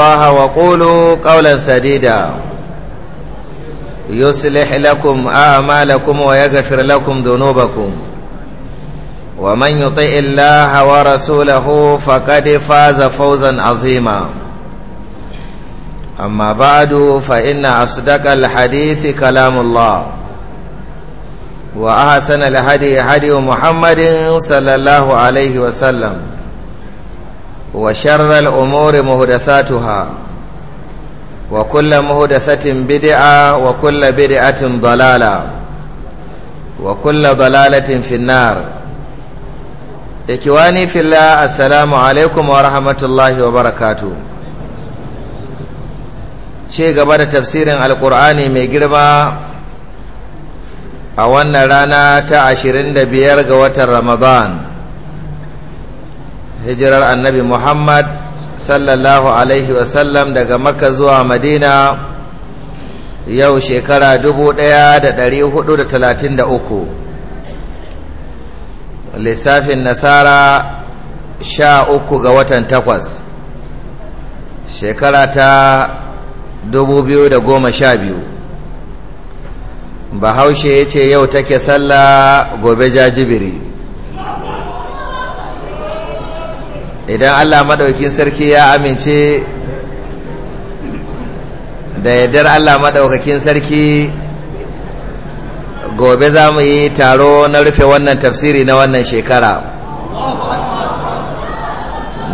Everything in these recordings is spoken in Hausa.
الله وقولوا قولا سديدا يصلح لكم أعمالكم ويغفر لكم ذنوبكم ومن يطع الله ورسوله فقد فاز فوزا عظيما أما بعد فإن أصدق الحديث كلام الله وأحسن الهدي هدي محمد صلى الله عليه وسلم وشر الأمور مهدثاتها وكل مهدثة بدعة وكل بدعة ضلالة وكل ضلالة في النار إكواني في الله السلام عليكم ورحمة الله وبركاته ce gaba da tafsirin alkur'ani mai girma a wannan rana ta 25 ga watan ramadan hijirar annabi muhammad sallallahu alaihi wasallam daga maka zuwa madina yau shekara 1433 lissafin nasara sha uku ga watan takwas shekara ta 2012 bahaushe ya ce yau take sallah gobe jajibiri idan Allah madaukin sarki ya amince da yardar Allah madaukakin sarki gobe za mu yi taro na rufe wannan tafsiri na wannan shekara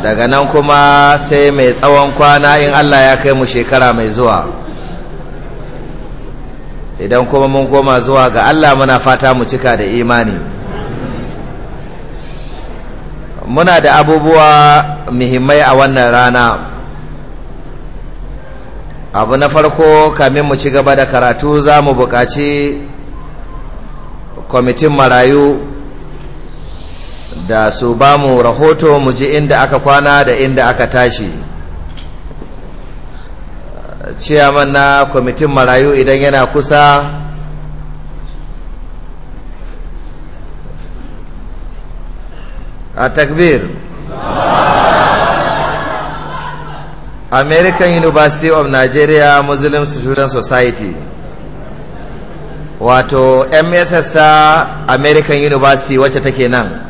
daga nan kuma sai mai tsawon kwana in Allah ya kai mu shekara mai zuwa idan kuma mun koma zuwa ga Allah muna fata mu cika da imani muna da abubuwa muhimmai a wannan rana abu na farko kamin mu ci gaba da karatu za mu buƙaci kwamitin marayu da su ba mu rahoto mu ji inda aka kwana da inda aka tashi ciyaman na kwamitin marayu idan yana kusa a takbir american university of nigeria muslim student society wato mss ta american university wacce take nan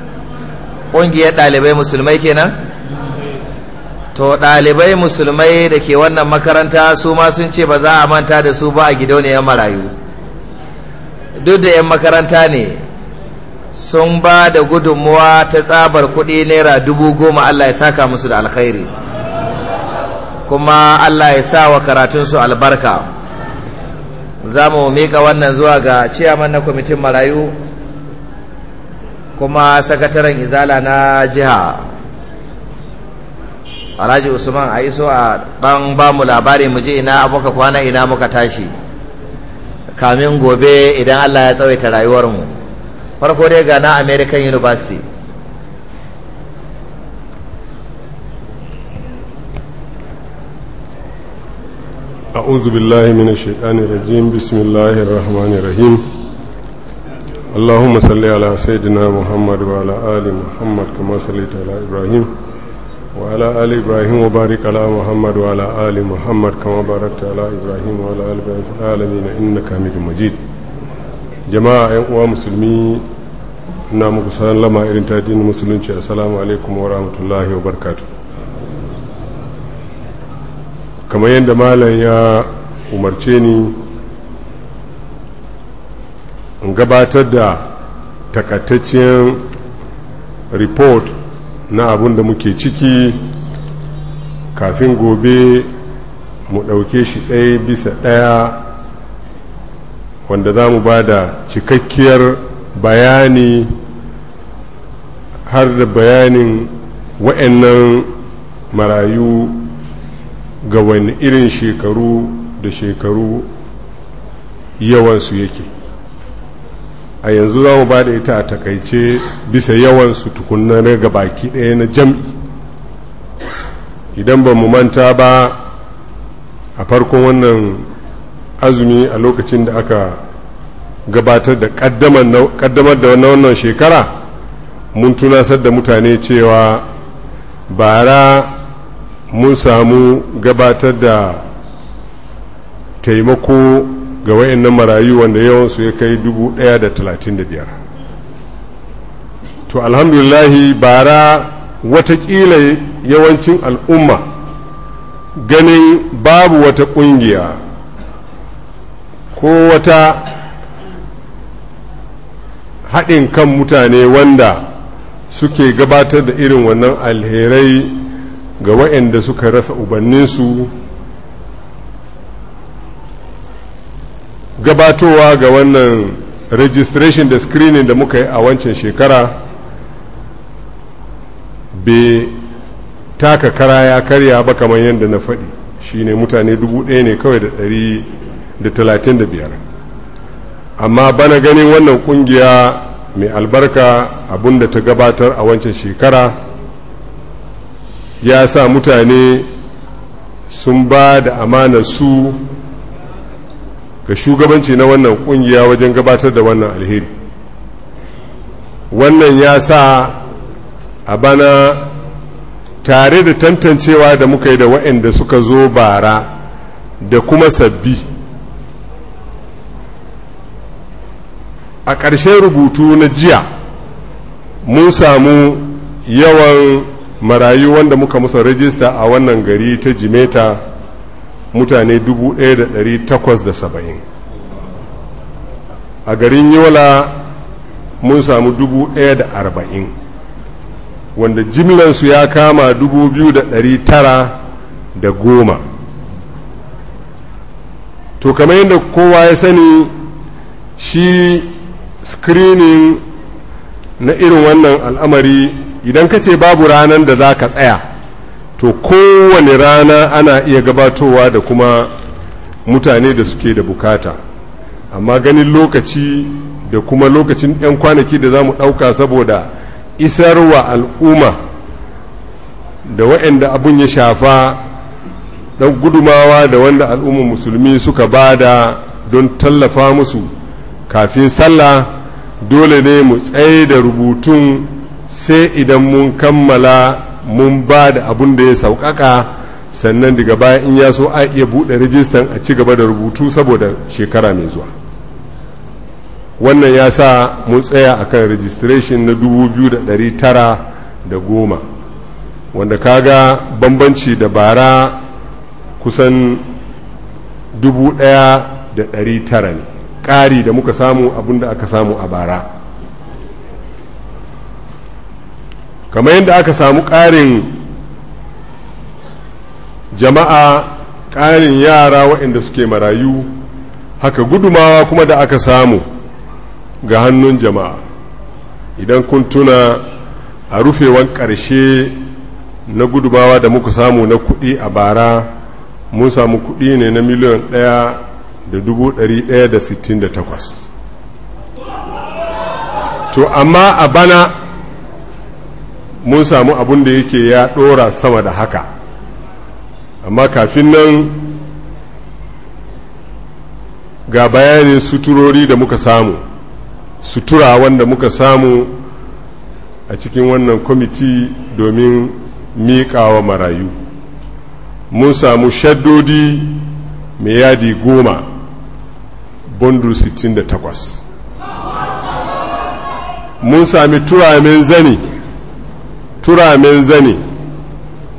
ƙungiyar ɗalibai musulmai kenan to ɗalibai musulmai da ke wannan makaranta su ma sun ce ba za a manta da su ba a gidauniyar marayu duk da 'yan makaranta ne sun ba da gudunmuwa ta tsabar kuɗi naira dubu goma Allah ya saka musu da alkhairi kuma Allah ya sa wa karatunsu albarka za mu miƙa wannan zuwa ga ciyaman na kwamitin marayu kuma sakataren izala na jiha alhaji usman a iso a ɗan ba mu labari mu je ina muka kwana ina muka tashi kamin gobe idan Allah ya tsawaita rayuwarmu farko dai ga na american university a'udhu billahi minash shaitanir rajeem bismillahir rahmanir rahim allahumma salli ala sayidina muhammad wa ala muhammad kama sallaita ala ibrahim wa ala ibrahim wa barik ala wa ala muhammad kama barakta ala ibrahim wa ala ali ibrahim innaka hamidum majid jama'a 'yan uwa musulmi na muku lama irin ta dini musulunci assalamu alaikum wa rahmatullahi wa barkatu kamar yadda malam ya umarce ni in gabatar da takataccen report na abun da muke ciki kafin gobe mu ɗauke shi ɗaya bisa ɗaya wanda za mu ba da cikakkiyar bayani har da bayanin wa'annan marayu ga wani irin shekaru da shekaru yawansu yake a yanzu za mu ba da ita a takaice bisa yawansu tukunan ga baki ɗaya na jam'i idan ba mu manta ba a farkon wannan azumi a lokacin da aka gabatar da kaddamar da wannan shekara mun tunasar da mutane cewa bara mun samu gabatar da taimako ga wayannan marayu wanda yawansu ya kai biyar to alhamdulillahi bara watakila yawancin al'umma ganin babu wata ƙungiya ko wata haɗin kan mutane wanda suke gabatar da irin wannan alherai ga waɗanda suka rasa ubanninsu gabatowa ga wannan registration da screening da muka yi a wancan shekara bai taka kara ya karya ba kamar yadda na faɗi shine mutane dubu ɗaya ne kawai da ɗari da talatin da biyar amma bana ganin wannan kungiya mai albarka abinda ta gabatar a wancan shekara ya sa mutane sun ba da amana su ga shugabanci na wannan kungiya wajen gabatar da wannan alheri wannan ya sa a bana tare da tantancewa da muka yi da waɗanda suka zo bara da kuma sabbi a ƙarshen rubutu na jiya mun samu yawan marayu wanda muka musa rajista a wannan gari ta jimeta mutane 1870 a garin yola mun samu 1040 wanda jimlansu ya kama 2910 to kamar yadda kowa ya sani shi screening na irin wannan al'amari idan ka ce babu ranar da za ka tsaya to kowane rana ana iya gabatowa da kuma mutane da suke da bukata amma ganin lokaci da kuma lokacin 'yan kwanaki da za mu ɗauka saboda isarwa al'umma da waɗanda abun ya shafa ɗan gudumawa da wanda al'umma musulmi suka bada don tallafa musu kafin sallah dole ne mu tsaye da rubutun sai idan mun kammala mun ba da abun da ya sauƙaƙa sannan daga baya in ya so a iya buɗe rijistan a ci gaba da rubutu saboda shekara mai zuwa wannan ya sa mun tsaya akan registration na 2,910 wanda kaga bambanci da bara kusan 1,900 ne ƙari da muka samu abin da aka samu a bara kamar yadda aka samu ƙarin jama'a ƙarin yara waɗanda suke marayu haka gudumawa kuma da aka samu ga hannun jama'a idan kun tuna a rufewan ƙarshe na gudumawa da muka samu na kuɗi a bara mun samu kuɗi ne na miliyan ɗaya da dubu da da sittin ɗari ɗaya takwas to amma a bana mun samu abin da yake ya ɗora sama da haka amma kafin nan ga bayanin suturori da muka samu sutura wanda muka samu a cikin wannan kwamiti domin miƙawa marayu mun samu shaddodi mai yadi goma bundle 68 mun sami turamen zani turamen zani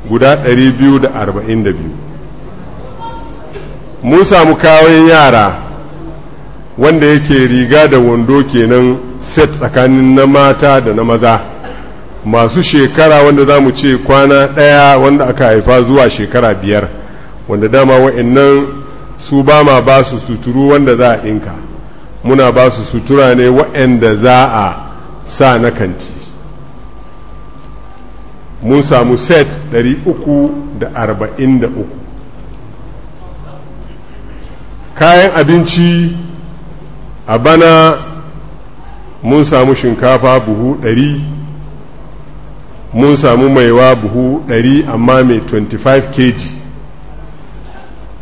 guda 242 mun samu kawayen yara wanda yake riga da wando kenan set tsakanin na mata da na maza masu shekara wanda za mu ce kwana ɗaya wanda aka haifa zuwa shekara biyar wanda dama wa'annan su ba ma ba su suturu wanda za a ɗinka muna ba su sutura ne waɗanda za a sa na kanti mun samu set 343 kayan abinci a bana mun samu shinkafa buhu 100 mun samu maiwa buhu 100 amma mai 25 kg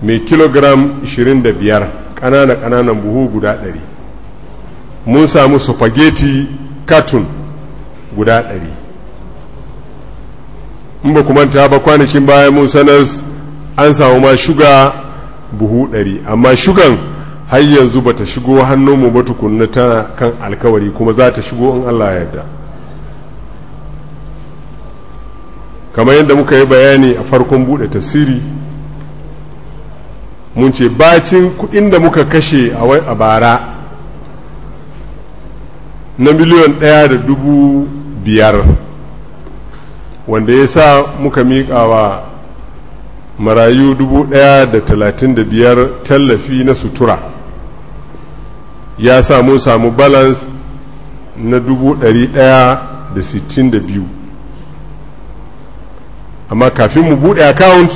mai kilogram 25 ƙanana-ƙananan buhu guda 100 mun samu spaghetti katun guda 100 in ba kuma ta ba kwanakin bayan mun sanar an samu ma shuga buhu ɗari amma shugan har yanzu ba ta shigo hannunmu ba tukunna tana kan alkawari kuma za ta shigo in allah yarda kamar yadda muka yi bayani a farkon buɗe tafsiri mun ce bacin kuɗin da muka kashe a wai bara na miliyan ɗaya da dubu biyar wanda ya sa muka miƙa wa marayu dubu ɗaya da talatin da biyar tallafi na sutura ya sa mun samu balance na dubu ɗari ɗaya da sittin da biyu amma kafin mu buɗe account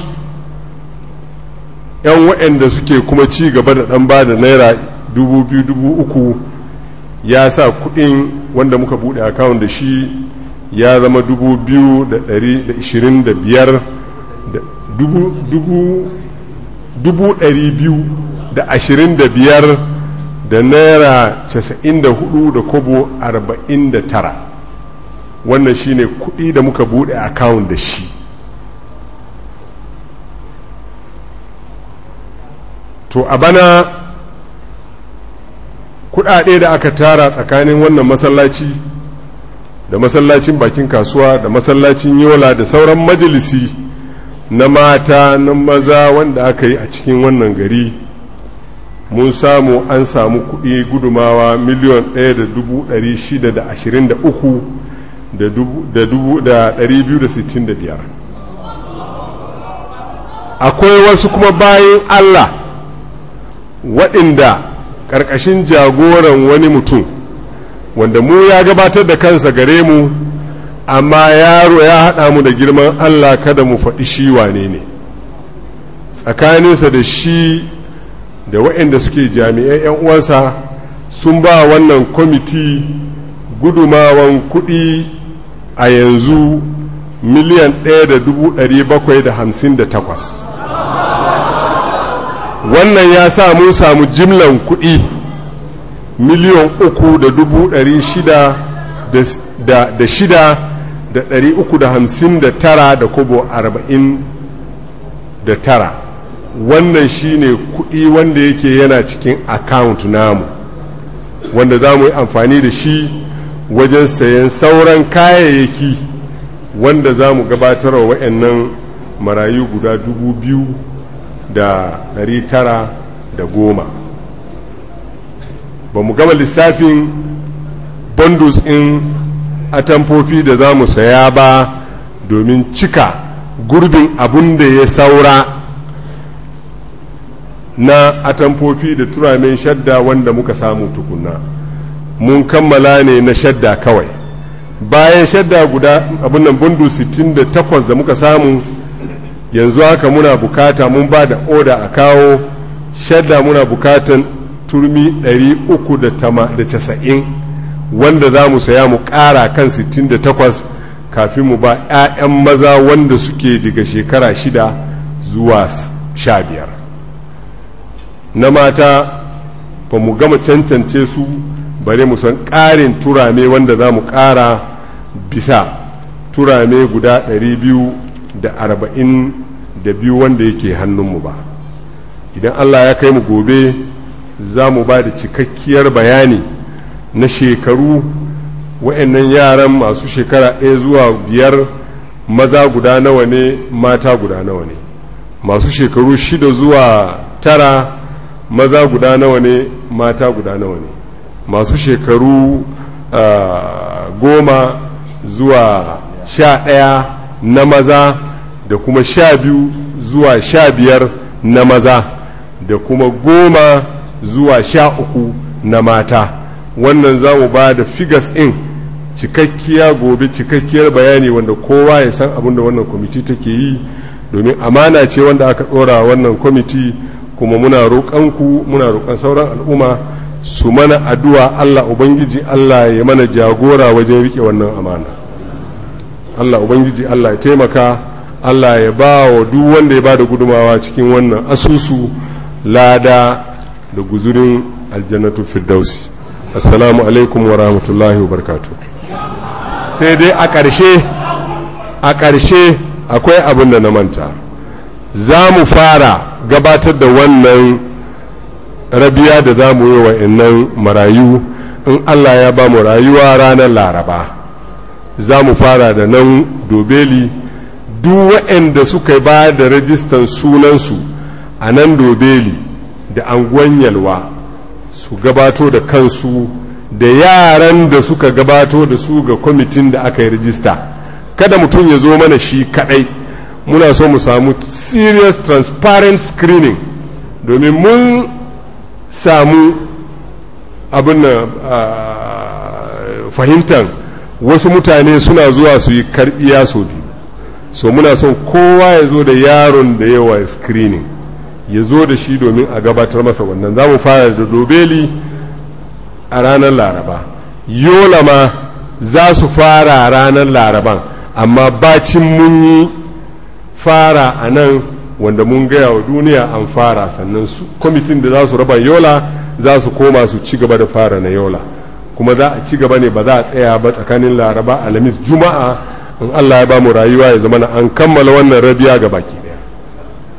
'yan waɗanda suke kuma ci gaba da ɗan ba da naira dubu biyu dubu uku ya sa kuɗin wanda muka buɗe akawun da shi ya zama dubu biyu da ɗari da ishirin da biyar dubu ɗari biyu da ashirin da biyar da naira casa'in da hudu da kobo arba'in da tara wannan shi ne kuɗi da muka buɗe akawun da shi to a bana kudade da aka tara tsakanin wannan masallaci da masallacin bakin kasuwa da masallacin yola da sauran majalisi na mata na maza wanda aka yi a cikin wannan gari mun samu an samu kuɗi gudumawa miliyon 1,623 da 265 akwai wasu kuma bayan allah waɗanda ƙarƙashin jagoran wani mutum wanda mu ya gabatar da kansa gare mu amma yaro ya haɗa mu da girman allah kada mu faɗi shi wane ne tsakaninsa da shi da waɗanda suke jami'ai 'yan uwansa sun ba wannan kwamiti gudumawan kuɗi a yanzu miliyan ɗaya da da da dubu ɗari bakwai hamsin takwas. wannan ya sa mun samu jimlan kuɗi miliyan uku da dubu ɗari shida da shida da ɗari uku da hamsin da tara da kobo arba'in da tara wannan shine kuɗi wanda yake yana cikin account namu wanda za mu yi amfani da shi wajen sayan sauran kayayyaki wanda za mu gabatar wa waɗannan marayu guda dubu biyu da ɗari tara da goma ba mu gama lissafin bundles in atamfofi da za mu saya ba domin cika gurbin abun da ya saura na atamfofi da turamin shadda wanda muka samu tukunna mun kammala ne na shadda kawai bayan shadda guda abin nan da 68 da muka samu yanzu haka muna bukata mun ba da oda a kawo shadda muna bukatan turmi 390 wanda za mu saya mu ƙara kan 68 kafin mu ba 'ya'yan maza wanda suke daga shekara shida zuwa sha biyar na mata ba mu gama cancance su bare mu san ƙarin turame wanda za mu ƙara bisa turame guda 200 da arba'in da biyu wanda yake hannunmu ba idan allah ya kai mu gobe za mu ba da cikakkiyar bayani na shekaru wa'annan yaran masu shekara ɗaya zuwa biyar maza guda nawa ne mata guda nawa ne masu shekaru shida zuwa tara maza guda nawa ne mata guda nawa ne masu shekaru ah, goma zuwa sha ɗaya na maza da kuma sha biyu zuwa sha biyar na maza da kuma goma zuwa sha uku na mata wannan za mu ba da figures in cikakkiya gobe cikakkiyar bayani wanda kowa ya san abin da wannan kwamiti take yi domin amana ce wanda aka ɗora wannan kwamiti kuma muna roƙonku muna roƙon sauran al'umma su mana addu'a allah ubangiji allah ya mana jagora wajen riƙe wannan amana Allah ubangiji Allah ya taimaka Allah ya ba wa duk wanda ya ba da gudumawa cikin wannan asusu lada da guzurin aljannatu firdausi assalamu alaikum wa rahmatullahi wa barakatu. sai dai a ƙarshe a ƙarshe akwai abin da na manta za mu fara gabatar da wannan rabiya da za mu yi wa marayu in allah ya ba mu rayuwa ranar laraba za mu fara da nan dobeli duk waɗanda suka ba da rajistan sunansu a nan dobeli da anguwan yalwa su gabato da kansu da yaran da suka gabato da su ga kwamitin da aka yi rajista kada mutum ya zo mana shi kadai muna so mu samu serious transparent screening domin mun samu abin ah, fahimtar wasu mutane suna zuwa su yi karbiya so biyu so muna son kowa ya zo da yaron da yawa screening ya zo da shi domin a gabatar masa wannan za mu fara da dobeli a ranar laraba yola ma za su fara ranar laraban amma bacin mun yi fara a nan wanda mun gaya wa duniya an fara sannan kwamitin da za su raba yola za su koma su ci gaba da fara na yola kuma za a ci gaba ne ba za a tsaya ba tsakanin laraba alamis juma'a in allah ya ba mu rayuwa ya zama an kammala wannan rabiya ga baki daya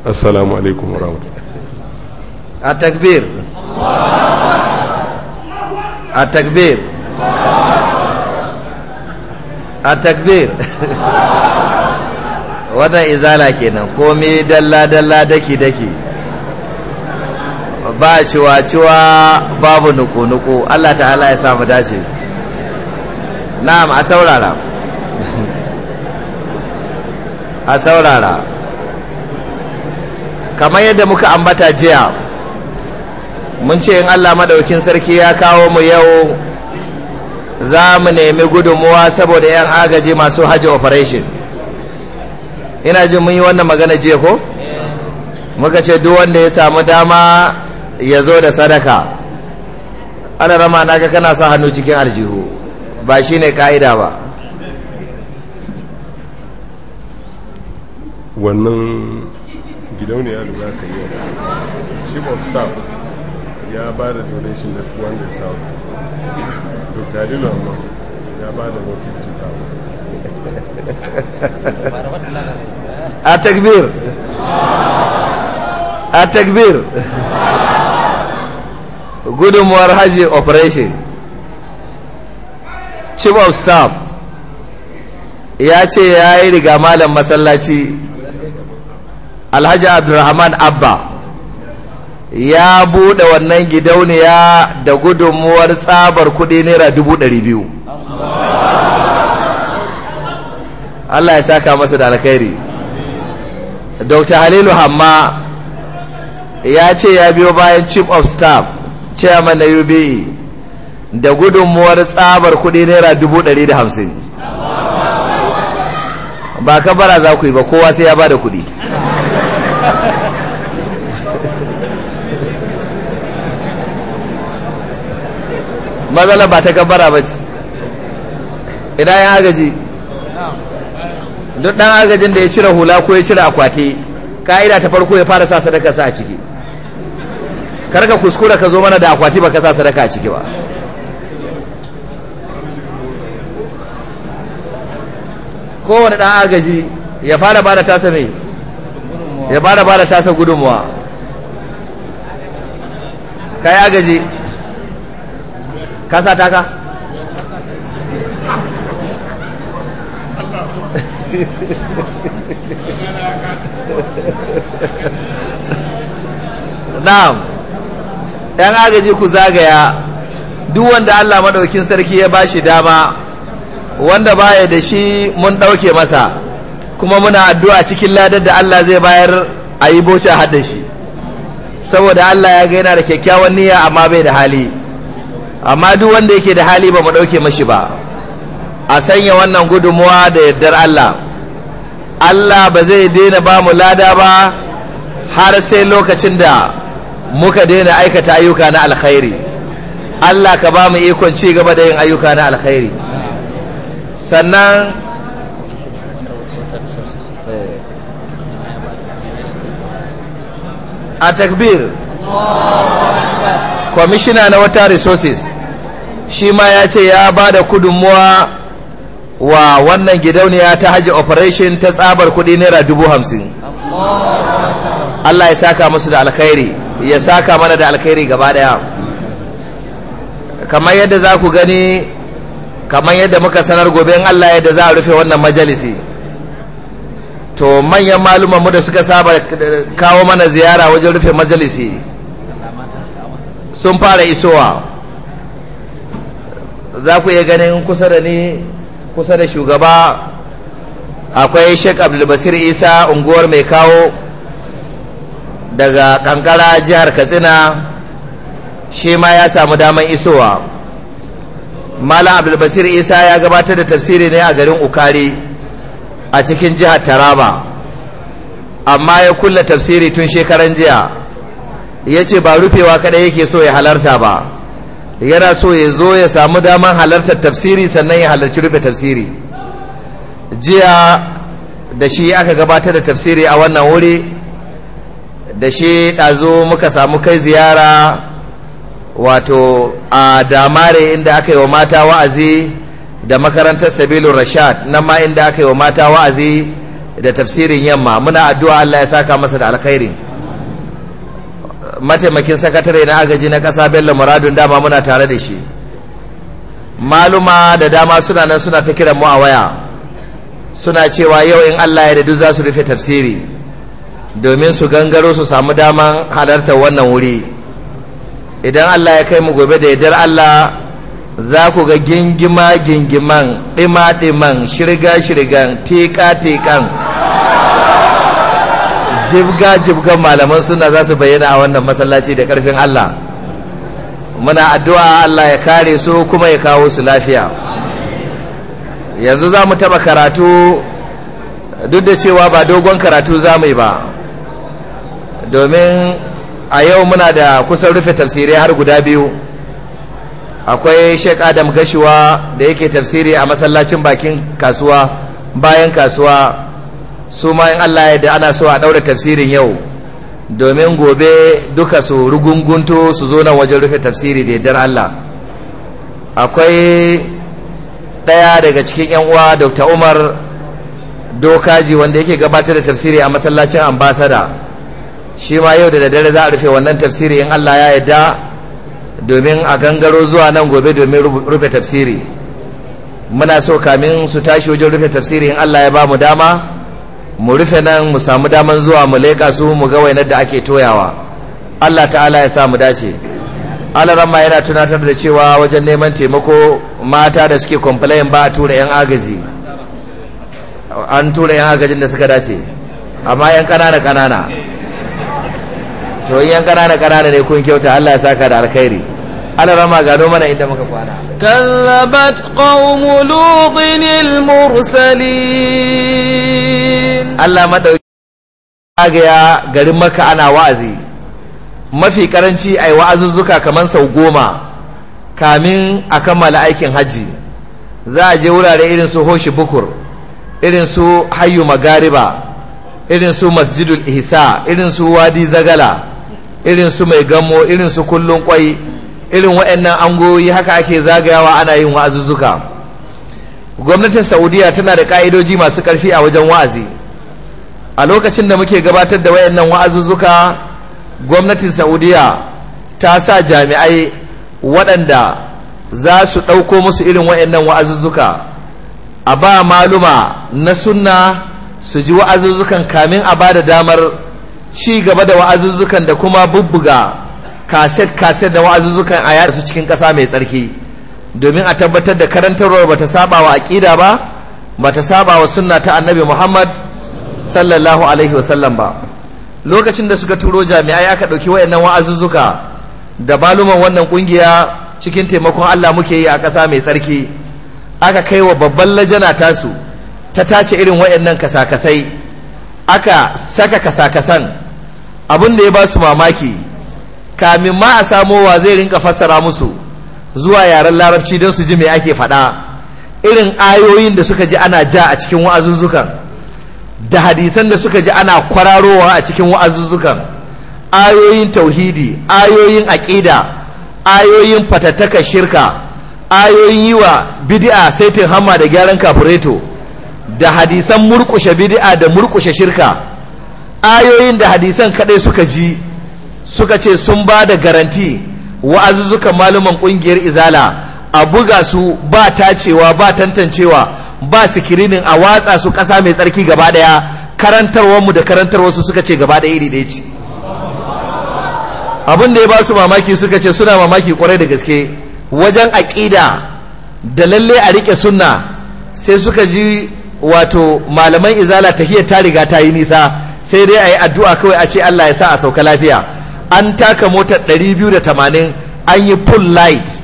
assalamu alaikum wa rahmatullahi a takbir a takbir a takbir wannan izala kenan komai dalla dalla daki daki ba ciwa-ciwa babu nuku-nuku Allah ta'ala ya samu dace na'am a saurara a saurara kamar yadda muka ambata jiya mun ce in Allah madaukin sarki ya kawo mu yau za mu nemi gudunmuwa saboda 'yan agaji masu hajji operation ina jin mun yi wannan magana jiya ko? muka ce duk wanda ya samu dama ya zo da sadaka ana rama naga kana sa hannu cikin aljihu ba shi ne ka'ida ba wannan gidauniya da za ka yi wa chief of staff ya ba da donation da 200,000 dr alilu amma ya ba da 150,000 a takbir a takbir gudunmuwar hajji operation chief of staff ya ce ya yi riga malam masallaci alhaji abdulrahman abba ya bude wannan gidauniya da gudunmuwar tsabar kudi naira dubu ɗari biyu allah ya saka masa da alkhairi dr halilu hamma ya ce ya biyo bayan chief of staff chairman na UBE da gudunmuwar tsabar kudi naira dubu dari da hamsin ba ka bara za ku yi ba kowa sai ya ba da kudi mazala ba ta gabara ba ce idan ya agaji duk dan agajin da ya cire hula ko ya cire akwati ka'ida ta farko ya fara sa sadaka sa a ciki karka kuskura ka zo mana da akwati ba ka sa sadaka a ciki ba kowane ɗan agaji ya fara ba da tasa mai ya fara ba da tasa gudunmuwa ka yi agaji ka sa taka na'am yan agaji ku zagaya duk wanda Allah maɗaukin sarki ya bashi dama wanda baya da shi mun ɗauke masa kuma muna addu'a cikin ladar da Allah zai bayar a yi boci a hada shi saboda Allah ya ga yana da kyakkyawan niyya amma bai da hali amma duk wanda yake da hali ba mu ɗauke mashi ba a sanya wannan gudunmuwa da yardar Allah Allah ba zai daina ba mu lada ba har sai lokacin da muka daina aikata ayyuka na alkhairi Allah ka ba mu ikon ci gaba da yin ayyuka na alkhairi sannan a takbir kwamishina na wata resources shi ma ya ce ya ba da kudunmuwa wa wannan gidauniya ta hajji operation ta tsabar kudi naira dubu hamsin Allah ya saka musu da alkhairi ya saka mana da alkhairi gaba daya kamar yadda za ku gani kamar yadda muka sanar gobe in Allah yadda za a rufe wannan majalisi to manyan malumanmu da suka saba kawo mana ziyara wajen rufe majalisi sun fara isowa za ku iya ganin kusa da ni kusa da shugaba akwai shek abdulbasir isa unguwar mai kawo daga kankara jihar katsina shi ma ya samu damar isowa malam abdulbasir isa ya gabatar da tafsiri ne a garin ukari a cikin jihar taraba amma ya kulla tafsiri tun shekaran jiya ya ce ba rufewa kadai yake so ya halarta ba yana so ya zo ya samu damar halartar tafsiri sannan ya halarci rufe tafsiri jiya da shi aka gabatar da tafsiri a wannan wuri da shi ɗazo muka samu kai ziyara wato a damare inda aka yi wa mata wa'azi da makarantar sabilun rashad nan ma inda aka yi wa mata wa'azi da tafsirin yamma muna addu'a Allah ya saka masa da alkhairi mataimakin sakatare na agaji na ƙasa bello muradun dama muna tare da shi maluma da dama suna nan suna ta kiran mu a waya suna cewa yau in Allah ya da za su rufe tafsiri domin su gangaro su samu daman halartar wannan wuri idan allah ya kai mu gobe da yadda allah za ku ga gingima gingiman ɗima-ɗiman shirga-shirgan teka-tekan jibga-jibgan malaman suna za su bayyana a wannan masallaci da ƙarfin allah muna addu'a allah ya kare su kuma ya kawo su lafiya yanzu za mu taɓa karatu duk da cewa ba dogon karatu za mu yi ba domin a yau muna da kusan rufe tafsirai har guda biyu akwai shek adam gashuwa da yake tafsiri a masallacin bakin kasuwa bayan kasuwa su mayan ya allah da ana so a daura tafsirin yau domin gobe duka su rugungunto su zo nan wajen rufe tafsiri da dan allah akwai ɗaya daga cikin 'yan uwa dr umar dokaji wanda yake gabatar da tafsiri a masallacin ambasada shi ma yau da daddare za a rufe wannan tafsiri in Allah ya yadda domin a gangaro zuwa nan gobe domin rufe tafsiri muna so kamin su tashi wajen rufe tafsiri in Allah ya ba mu dama mu rufe nan mu samu daman zuwa mu leƙa su mu ga wainar da ake toyawa Allah ta'ala ya sa mu dace allah ramma yana tunatar da cewa wajen neman taimako mata da suke complain ba a tura 'yan agaji an tura 'yan agajin da suka dace amma 'yan ƙanana ƙanana to yan kanana kanana ne kun kyauta Allah ya saka da alkhairi Allah rama mana inda muka kwana kallabat qaumu lutin mursalin Allah madauki agaya garin maka ana wa'azi mafi karanci ai wa'azuzzuka kaman sau goma kamin a kammala aikin hajji za a je wurare irin su hoshi bukur irin su hayyu magariba irin su masjidul ihsa irin su wadi zagala irin su mai gamo irin su kullun kwai irin waɗannan angoyi haka ake zagayawa ana yin wa'azuzzuka gwamnatin saudiya tana da ka'idoji masu ƙarfi a wajen wa'azi a lokacin da muke gabatar da waɗannan wa'azuzzuka gwamnatin saudiya ta sa jami'ai waɗanda za su ɗauko musu irin waɗannan wa'azuzzuka a ba maluma na sunna su ji wa'azuzzukan kamin a ba da damar ci gaba da wa'azuzzukan da kuma bubbuga kaset-kaset da wa'azuzzukan a yada su cikin ƙasa mai tsarki domin a tabbatar da karantarwar bata saba wa aƙida ba bata saba wa sunna ta annabi muhammad sallallahu alaihi wasallam ba lokacin da suka turo jami'ai aka ɗauki wayannan wa'azuzzuka da baluman wannan ƙungiya cikin taimakon allah muke yi a ƙasa mai tsarki aka kai wa babban lajana tasu ta tace irin wayannan kasakasai, aka saka kasakasan. abin da ya ba su mamaki kamin ma a samowa zai rinka fassara musu zuwa yaren larabci don su ji mai ake faɗa irin ayoyin da suka ji ana ja a cikin wa'azuzzukan da hadisan da suka ji ana kwararowa a cikin wa'azuzzukan ayoyin tauhidi ayoyin aƙida ayoyin fatattaka shirka ayoyin yi wa bidi'a saitin hamma da gyaran kafureto da hadisan murkushe bidi'a da murkushe shirka ayoyin da hadisan kadai suka ji suka ce sun ba da garanti wa'azuzzukan maluman kungiyar izala a buga su ba tacewa ba tantancewa ba sikirinin a watsa su kasa mai tsarki gaba karantarwar karantarwarmu da karantarwarsu suka ce gaba daya iri ce abin da ya ba su mamaki suka ce suna mamaki kwarai da gaske wajen aƙida da lalle a riƙe sunna sai suka ji wato malaman izala tahiyar ta riga ta yi nisa sai dai a yi addu'a kawai a ce Allah ya sa a sauka lafiya an taka motar 280 an yi full light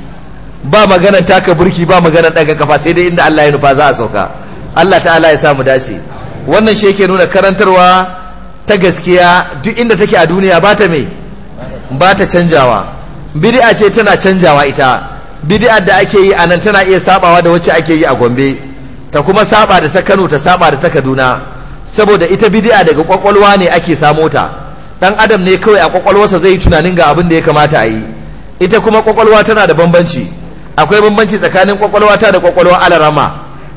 ba maganar taka burki ba maganar ɗaga kafa sai dai inda Allah ya nufa za a sauka Allah ta'ala ya sa dace wannan shi yake nuna karantarwa ta gaskiya duk inda take a duniya ba ta me ba ta canjawa bid'a ce tana canjawa ita bid'a da ake yi a nan tana iya sabawa da wacce ake yi a Gombe ta kuma saba da ta Kano ta saba da ta Kaduna saboda ita bid'a daga kwakwalwa ne ake samo ta dan adam ne kawai a kwakwalwarsa zai yi tunanin ga abin da ya kamata a yi ita kuma kwakwalwa tana da bambanci akwai bambanci tsakanin kwakwalwa ta da kwakwalwar alarama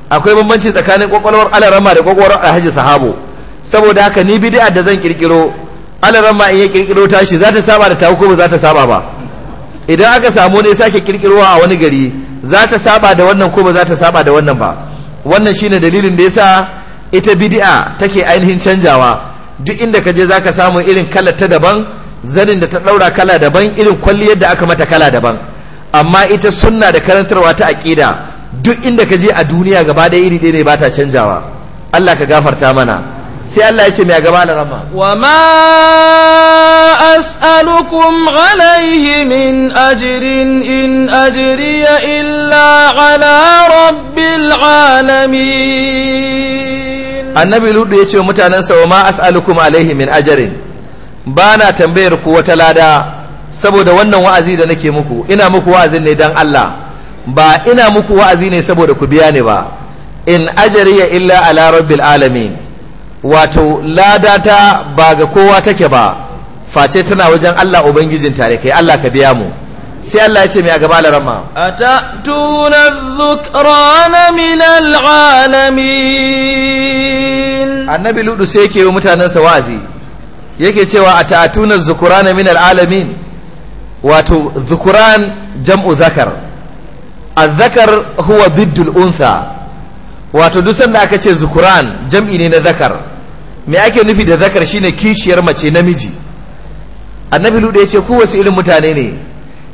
akwai bambanci tsakanin kwakwalwar alarama da kwakwalwar alhaji sahabo saboda haka ni bid'a da zan kirkiro alarama in ya kirkiro tashi za ta saba da tawo ko ba za ta saba ba idan aka samu ne sake kirkirowa a wani gari za ta saba da wannan ko ba za ta saba da wannan ba wannan shine dalilin da yasa ita bidi'a take ainihin canjawa duk inda ka je zaka samu irin kala ta daban zanin da ta daura kala daban irin kwalliyar da aka mata kala daban amma ita sunna da karantarwa ta aqida duk inda ka je a duniya gaba ɗaya iri ɗaya ne ba ta canjawa Allah ka gafarta mana sai Allah ya ce mai gaba da rama wa ma as'alukum alaihi min ajirin in ajriya illa ala rabbil alamin annabi ludu ya ce wa sa wa ma as'alukum alaihi min ajirin ba na tambayar ku wata lada saboda wannan wa'azi da nake muku ina muku wa'azin ne dan Allah ba ina muku wa'azi ne saboda ku biya ni ba in ajriya illa ala rabbil alamin wato lada ta ba ga kowa take ba face tana wajen Allah ubangijin tare kai Allah ka biya mu sai Allah ya ce mai a gaba larama tuna zukrana min alalamin annabi ludu sai yake yi mutanen wazi yake cewa a atatuna zukrana min alalamin wato zukuran jam'u zakar zakar huwa biddul unsa wato duk sanda aka ce zukuran jam'i ne na zakar me ake nufi da zakar shine kishiyar mace namiji annabi lude ya ce ku wasu irin mutane ne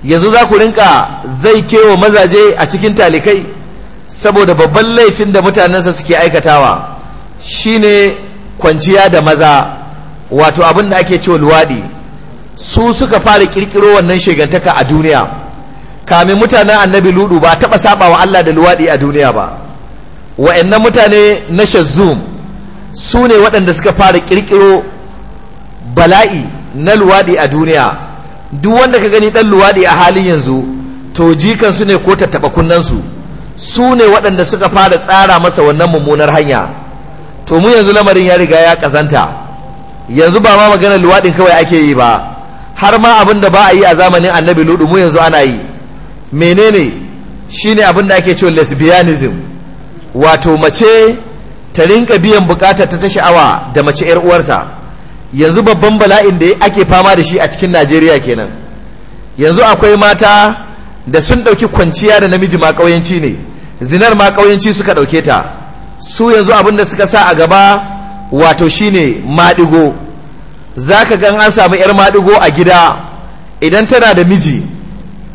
yanzu za ku rinka zai kewa mazaje a cikin talikai saboda babban laifin da mutanensa suke aikatawa shine kwanciya da maza wato abin da ake cewa luwaɗi su suka fara kirkiro wannan shegantaka a duniya kamin mutanen annabi ludu ba taɓa saba wa allah da luwaɗi a duniya ba wa'annan mutane na shazum su ne waɗanda suka fara ƙirƙiro bala'i na luwaɗi a duniya duk wanda ka gani ɗan luwaɗi a halin yanzu to jikan su ne ko tattaɓa kunnansu su ne waɗanda suka fara tsara masa wannan mummunar hanya to mu yanzu lamarin ya riga ya ƙazanta yanzu ba ma maganar luwaɗin kawai ake yi ba har ma abin da ba a yi a zamanin annabi ludu mu yanzu ana yi menene shine abin da ake cewa lesbianism wato mace ta rinka biyan bukatar ta ta sha'awa da mace yar uwarta yanzu babban bala'in da ake fama da shi a cikin Najeriya kenan yanzu akwai mata da sun ɗauki kwanciya da namiji ma ƙauyenci ne zinar ma ƙauyenci suka ɗauke ta su yanzu abin da suka sa a gaba wato shine maɗigo za ka gan an samu 'yar maɗigo a gida idan tana da miji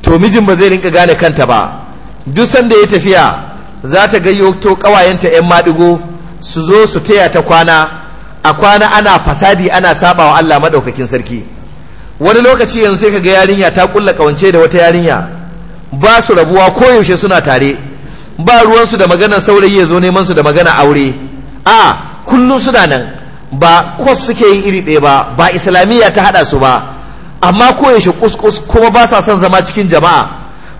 to mijin ba zai rinka gane kanta ba duk sanda ya tafiya za ta gayyo to ƙawayenta 'yan maɗigo su zo su taya ta kwana a kwana ana fasadi ana saba wa Allah madaukakin sarki wani lokaci yanzu sai ka ga yarinya ta kulla kawance da wata yarinya ba su rabuwa ko yaushe suna tare ba ruwan su da maganar saurayi ya zo neman su da magana aure a kullum suna nan ba kof suke yin iri ɗaya ba ba islamiyya ta haɗa su ba amma ko yaushe kuskus kuma ba sa son zama cikin jama'a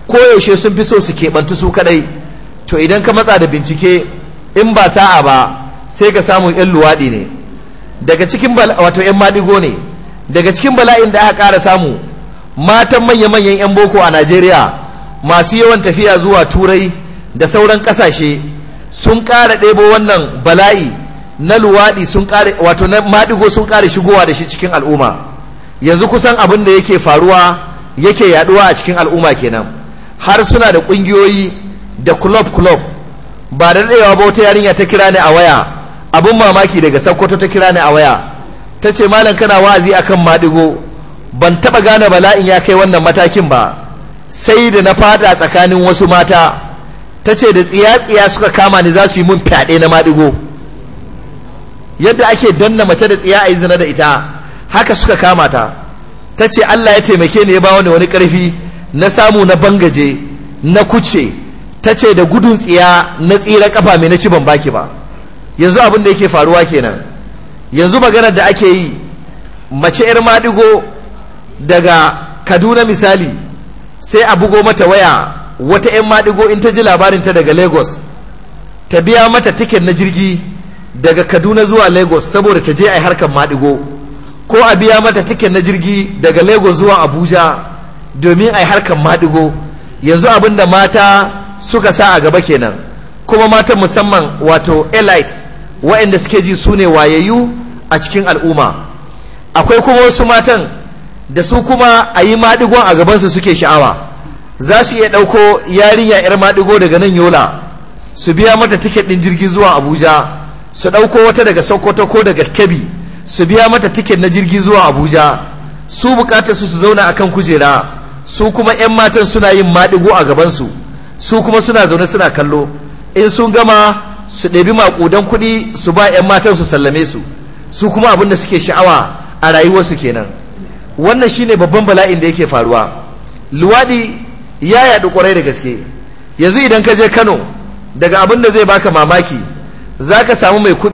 ko yaushe sun fi so su keɓanta su kaɗai to idan ka matsa da bincike in ba sa'a ba sai ka samu yan luwaɗi ne daga cikin wato yan maɗigo ne daga cikin bala'in da aka ƙara samu matan manya-manyan yan boko a najeriya masu yawan tafiya zuwa turai da sauran ƙasashe sun ƙara ɗebo wannan bala'i na luwaɗi sun ƙara wato na maɗigo sun ƙara shigowa da shi cikin al'umma yanzu kusan abin da yake faruwa yake yaɗuwa a cikin al'umma kenan har suna da ƙungiyoyi da club club ba da daɗewa ba wata yarinya ta kira ni a waya abin mamaki daga sakkwato ta kira ni a waya ta ce malam kana wa'azi akan maɗigo ban taɓa gane bala'in ya kai wannan matakin ba sai da na fada tsakanin wasu mata ta ce da tsiya-tsiya suka kama ni za su yi mun fyaɗe na maɗigo yadda ake danna mace da tsiya a yi zina da ita haka suka kama ta ta ce allah ya taimake ni ya ba wani wani ƙarfi na samu na bangaje na kuce ta ce da gudun tsiya na tsira kafa mai na ci ban baki ba yanzu abin da yake faruwa kenan yanzu maganar da ake yi mace 'yar maɗigo daga kaduna misali sai a bugo mata waya wata 'yan maɗigo in ta ji ta daga lagos ta biya mata tiket na jirgi daga kaduna zuwa lagos saboda ta je a yi harkar maɗigo ko a biya mata tiket na jirgi daga lagos zuwa abuja domin a yi harkar maɗigo yanzu abin da mata suka sa a gaba kenan kuma matan musamman wato elites waɗanda suke ji su ne wayayyu a cikin al'umma akwai kuma wasu matan da su kuma a yi maɗigon a gabansu suke sha'awa za su iya ɗauko yarinya 'yar maɗigo daga nan yola su biya mata tiket ɗin jirgi zuwa abuja su ɗauko wata daga sokoto ko daga kebbi su biya mata tiket na jirgi zuwa abuja su bukatar su su zauna akan kujera su kuma 'yan matan suna yin maɗigo a gabansu su kuma suna zaune suna kallo in sun gama su ɗabi maƙudan kuɗi su ba 'yan matan su sallame su su kuma abin da suke sha'awa a rayuwarsu kenan wannan shine babban bala'in da yake faruwa luwaɗi ya yaɗu ƙwarai da gaske yanzu idan ka je kano daga abin da zai baka mamaki za ka samu mai kuɗi